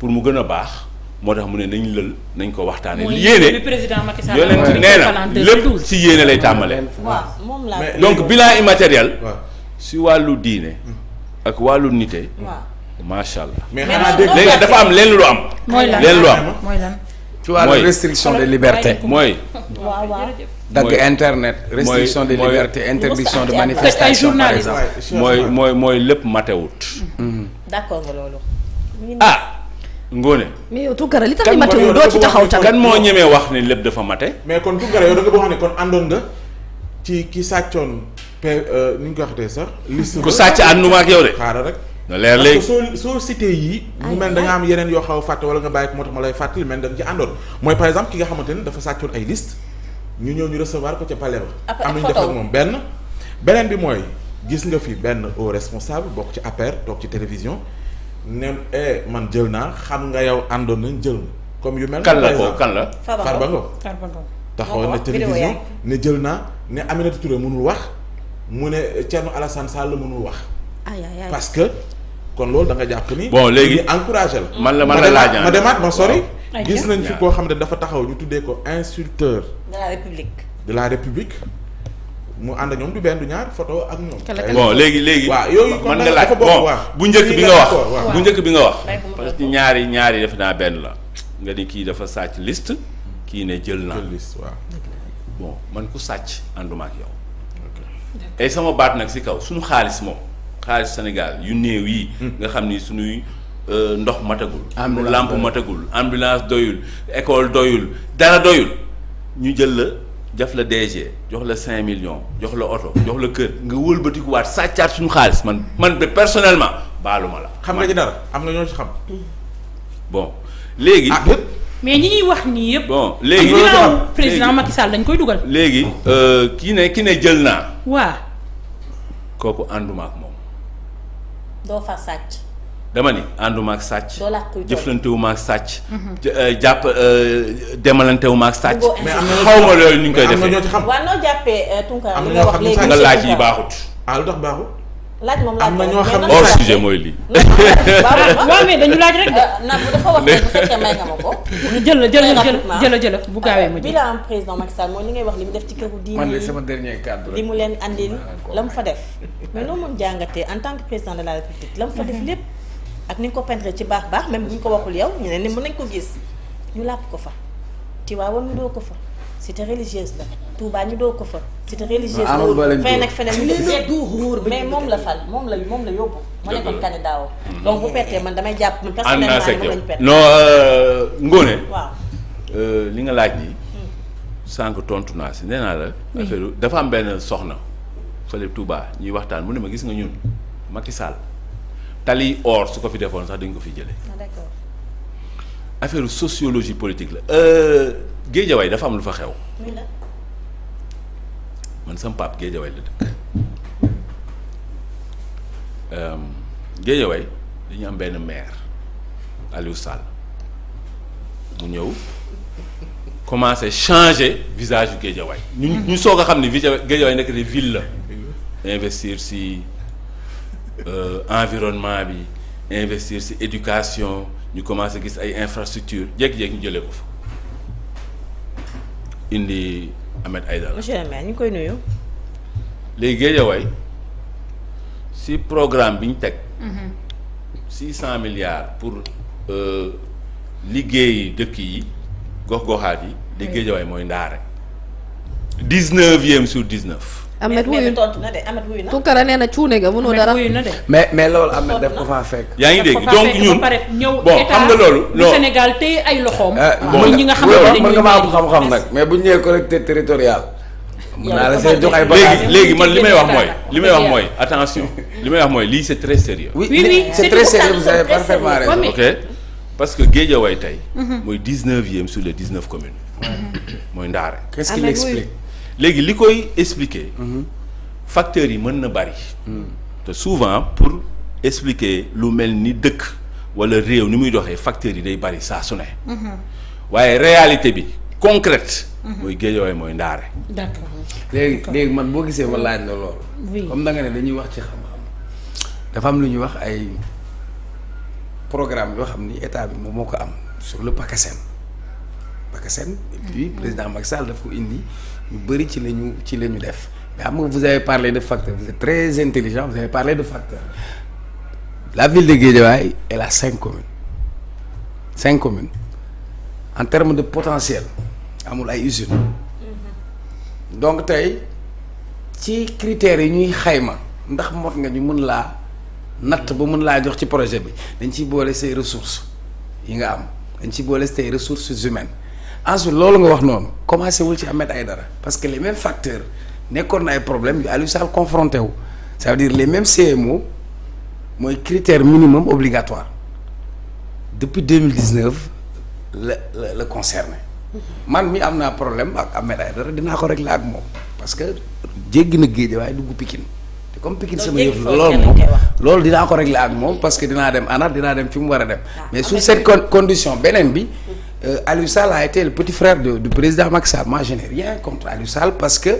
pour mu gën a baax moo tax mu ne nañ lël nañ ko waxtaanee. yéene mooy président Macky Sall nee na lépp si yéene lay tàmbalee. waaw moom laa donc bilan immatériel. si wàllu diine. Mm. ak wàllu nite. waaw allah. mais xanaa dégg léegi dafa am lenn lu am. mooy lan lenn lu am mooy lan. ci wàllu restriction de liberté mooy. waaw dagg internet. restriction de liberté interdiction de manifestation par mooy mooy mooy lépp matewut. Mm. ah. Ngone. mais yow Tounkara li tax ni matewul doo ci taxaw tamit. kan moo ñemee wax ne lépp dafa mate. mais kon Tounkara yow da nga wax ne kon àndoon nga ci ki sàccoon pe euh, ni ñu ko waxatee sax. liste ku sàcc ànduma ak yow de. xaaral rek. nga leer léegi soo soo cité yii. mu mel da nga am yeneen yoo xaw a fàtte wala nga bàyyi ko moo tax ma lay fàttali mel da nga ci àndoon mooy par exemple ki nga xamante ne dafa sàccoon ay liste ñu ñëw ñu recevoir ko ca pale ba. am nañu def ak moom benn beneen bi mooy gis nga fi benn au bokk ci APR toog ci télévision ne eh man jël naa xam nga yow àndoon nañ jël comme yu mel. kan la ko kan la Farba Ngom Farba Ngom taxaw na télévision ne jël naa ne Aminata Touré mënul wax mu ne Thierno Alassane la mënul wax. parce que kon loolu da jàpp ni. bon léegi encouragé la. man la man la ma demaat ma sori. gis nañ fi koo xam ne dafa taxaw ñu tuddee ko insulteur. de de la république. mu ànd ak ñoom du benn du ñaar photo ak ñoom. bon léegi léegi. waaw yooyu kon nag bu njëkk bi nga wax bu njëkk bi nga wax. parce que ñaari ñaari def naa benn la. nga ni kii dafa sàcc list kii ne jël naa liste man ku sàcc ànduma ak yow. sama baat nag si kaw suñu xaalis moom. xaalis senegal yu néew yi. Hmm. nga xam ni suñuy euh, ndox matagul. ambulance matagul ambulance doyul école doyul dara doyul ñu jël la. jaf la DG jox la cinq millions jox la oto jox la kër nga wëlbatikuwaat sàccaat suñu xaalis man man ba personnellement baaluma la. xam nga ci dara am na ñoo ci xam. bon léegi. ah mais ñi ñuy wax nii yëpp. bon léegi président Macky Sall dañ koy dugal. léegi euh, ki ne ki ne jël naa. waa kooku ànduma moom. doo fa sàcc. dama ni ànduma ak sàcc. jëflantewuma ak sàcc. Mhm. Euh, jàpp euh, demalantewuma ak sàcc. mais xaw ma loolu ni ñu koy defee. waaw noo jàppee euh, Tunkara li nga wax léegi nga laaj yi baaxut. ah am na ñoo xam ne hors sujet mooy lii. waaw mais dañu laaj rek de. na dafa wax ne bu fekkee may nga bu gaawee ma jël. bilan président Macky ngay wax li mu def ci këru diine. man la sama mu leen andil la mu fa def mais noo mën jàngatee en tant que président de la république la mu fa def lépp. ak ni nga ko peintre ci baax baax même bu ñu ko waxul yow ñu ne ni mën nañ ko gis ñu làpp ko fa Tiwaawan ñu doo ko fa cité religieuse la Touba ñu doo ko fa cité religieuse la feneen ak feneen mais moom la fal moom la moom la yóbbu mu nekkoon candidat mm-hmm. man damay jàpp man personnellement moom lañ perte euh, euh, li nga laaj nii hmm. sànq tontu naa si nee naa la hmm. dafa am benn soxna fële Touba ñuy waxtaan mu ne ma gis nga ñun Macky Sall tali or su ko fi defoon sax dañ ko fi jëlee. Ah, d'accord sociologie politique la euh, géejawaay dafa am lu fa xew. man sama pape géejawaay la dëkk euh, géejawaay dañu am benn maire Aliou Sall mu ñëw commencé changer visage yu géejawaay. ñu ñu soog a xam ne géejawaay nekk di ville la investir si. Euh, environnement bi investir ci éducation ñu commencé gis ay infrastructure jékki-jékki ñu jëlee ko fa indi Ahmed Aïdara monsieur le ñu koy nuyu. léegi Guédiawaye ci programme bi ñu teg. Mhm. cent milliards pour euh, liggéeyi dëkk yi gox-goxaat yi. di Guédiawaye mooy ndaare. dix-neuvième sur dix-neuf. Ahmed wuyu Tunkara nee na cuune ga mënoo dara. mais mais loolu Ahmed daf ko faa fekk. yaa ngi dégg donc ñun bon xam nga loolu. non Sénégal téye ay loxoom. Eh, mooy ñi nga xam ne mën nga maa am xam-xam nag mais bu ñu nee collectivité territoriale. mën naa la see jox ay bagages léegi léegi man li may wax mooy. li may wax mooy attention li may wax mooy lii c'est très sérieux. oui oui c'est très sérieux vous avez parfaitement raison. ok parce que Guédiawaye tey. Mhm. mooy dix-neuvième sur les dix-neuf communes. mooy Ndaare. qu'est-ce qu'il explique léegi li koy expliquer mhm. facteurs yi mën na bari mhm. te souvent pour expliquer lu mel ni dëkk wala réew ni muy doxee facteurs yi day bari saa su ne mhm. waaye réalité bi concrète mooy Guédiawaye mooy Ndaare d'accord léegi man boo gisee ma laaj na loolu comme da nga ne dañuy wax ci xam-xam dafa am lu ñuy wax ay programme yoo xam ni état bi moom moo ko am sur le PACASEN PACASEN et puis président Macky Sall daf ko indi yu bëri ci la ñu ci la ñu def mais xam nga vous avez parlé de facteurs vous êtes très intelligent vous avez parlé de facteurs la ville de Guédiawaye elle a cinq communes cinq communes en termes de potentiel amul ay usines mm-hmm. donc tey ci critères yi ñuy xayma ndax mot nga ñu mën laa natt ba mën laa jox ci projet bi dañ ciy boole say ressources yi nga am dañ ci boole say ressources humaines ensuite loolu nga wax noonu commencé wul ci ay dara parce que les mêmes facteurs nekkoon na ay problème yu Aliou Sall confronté wu ça veut dire les mêmes CMO mooy critère minimum obligatoire depuis deux mille 2019 la la la concerné man mi am naa problème ak Ahmed Aïdara dinaa ko réglé ak moom parce que jéggi na géej waaye dugg Pikine te comme Pikine sama yëf loolu loolu dinaa ko réglé ak moom parce que dinaa dem ANAT dinaa dem fi mu war a dem ah, mais sous cette condition beneen bi euh, Aliou Sall a été le petit frère du président Macky Sall moi je n'ai rien contre Aliou Sall que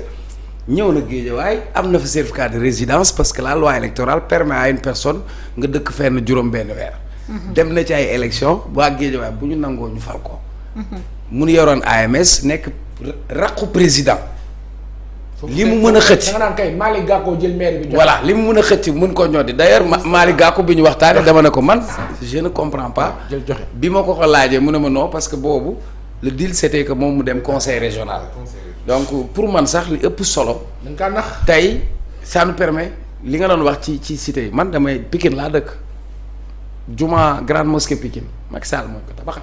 ñëw na Guédiawaye am na fa certificat de résidence parce que la loi électorale permet à une personne nga dëkk fenn juróom-benn weer. Mhm. dem na ci ay élections waa Guédiawaye bu ñu nangoo ñu fal ko. Mhm. mu ngi yoroon AMS nekk raqu président. li mu mën a xëcc da nga naan kay Malick Gakou jël maire bi. li mu mën a xëcc mën koo ñoddi d'ailleurs Malick Gakou bi ñu waxtaanee dama ne ko man je ne comprends pas. jël joxe bi ma ko ko laajee mu ne ma noo parce que boobu le deal c'était que moom mu dem conseil régional. donc pour man sax li ëpp solo. dañ kaa nax tey ça nous permet li nga doon wax ci ci cité yi man damay pikin laa dëkk juma grande mosquée Pikine Macky Sall mooy ko tabaxal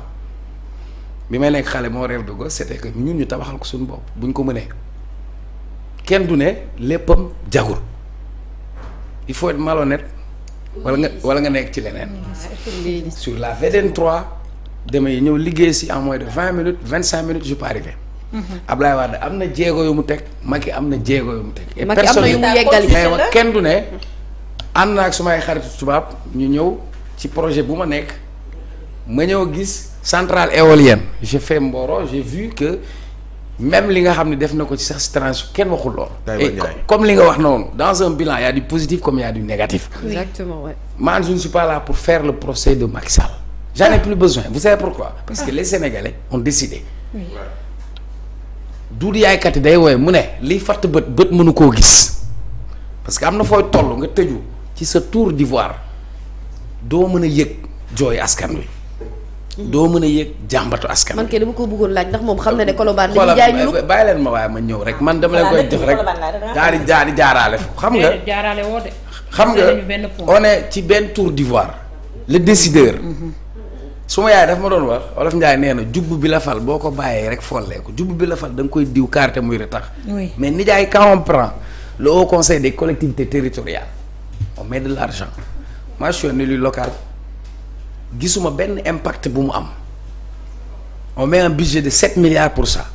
bi may nekk xale moo rêve de gosse c'était que ñun ñu tabaxal ko suñu bopp bu ñu ko mënee. kenn du ne léppam jagur il faut être malhonnête wala nga wala nga nekk ci leneen. su la VDN 3 yi ñëw liggéey si en moins de vingt minutes vingt cinq minutes je peux arriver. Mhm. Ablaye Wade am na jéego yu mu teg Macky am na jéego yu mu teg. et personne am na yu mu yeggali kenn du ne. ànd naa ak sumay xaritu tubaab ñu ñëw ci projet bu ma nekk ma ñëw gis centrale éolienne je fait Mboro j'ai vu que. même li nga xam ne def na ko ci sax tranche kenn waxul lool. comme li nga wax noonu dans un bilan y a du positif comme y a du négatif. man je ne suis pour faire le procès de Macky Sall. j'en ai ah. plus besoin vous savez pourquoi. parce que ah. les Sénégalais ont décidé. oui duudu yaaykat yi day wooye mu ne li fàtt bët bët mënu koo gis parce que am na fooy toll nga tëju ci sa tour d'ivoire doo mën a yëg jooy askan wi. doo mën a yéeg jàmbatu askan man kay dama ko bëggoon laaj ndax moom xam na ne Colobane dañuy jaay ñu bàyyi leen ma waaye rek man dama leen koy jox rek daal jaaraale xam nga jaaraale woo xam nga on est ci benn tour d'ivoire le décideur mhm. su ma yaay daf ma doon wax Olof Ndiaye nee na jubb bi la fal boo ko bàyyee rek follee ko jubb bi la fal da koy diw carte muy retax mais nijaay quand on prend le haut conseil des collectivités territoriales on met de l'argent moi je suis un local gisuma benn impact bu mu am on mais un budget de sept milliards pour ça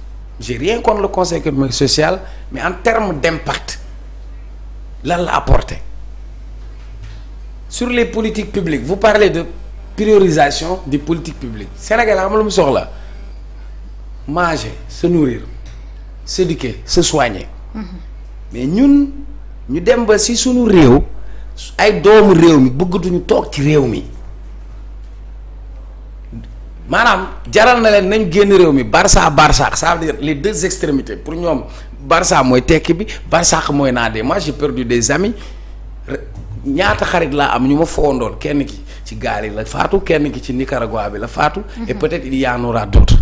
j'ai rien contre le conseil économique social mais en termes d'impact lan la apporté sur les politiques publiques vous parlez de priorisation de politiques publiques Sénégal am lu mu soxla manger se nourrir s'éduquer se soigner mm mais ñun ñu dem ba si suñu réew ay doomu réew mi bëggatuñu toog ci réew mi maanaam jaral na leen nañ génn réew mi Barça Barça ça veut dire les deux extrémités pour ñoom Barça mooy tekki bi Barça mooy naa dee moi j'ai perdu des amis ñaata xarit laa am ñu ma foondoon kenn ki ci gaal yi la faatu kenn ki ci Nicaragua bi la faatu. Mhm. et peut-être il y en aura d'autres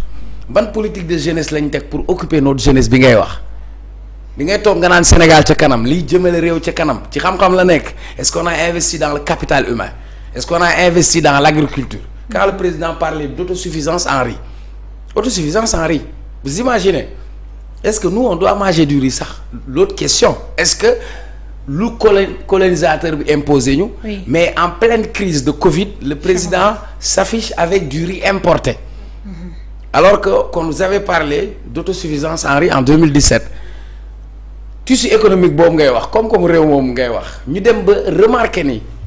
ban politique de jeunesse lañ teg pour occuper notre jeunesse bi ngay wax li ngay toog nga naan Sénégal ca kanam liy jëmale réew ca kanam ci xam-xam la nekk est-ce qu'on a investi capital humain est-ce qu'on a investi quand le président parlait d'autosuffisance en riz autosuffisance en riz vous imaginez est-ce que nous on doit manger du sax l'autre question est-ce que lu colonisateur bi imposé ñu mais en pleine crise de Covid le président s'affiche avec du riz importé mm -hmm. alors que qu'on nous avait parlé d'autosuffisance en riz en 2017 tissu économique boobu ngay wax comme comme réew moom ngay wax ñu dem ba remarquer nii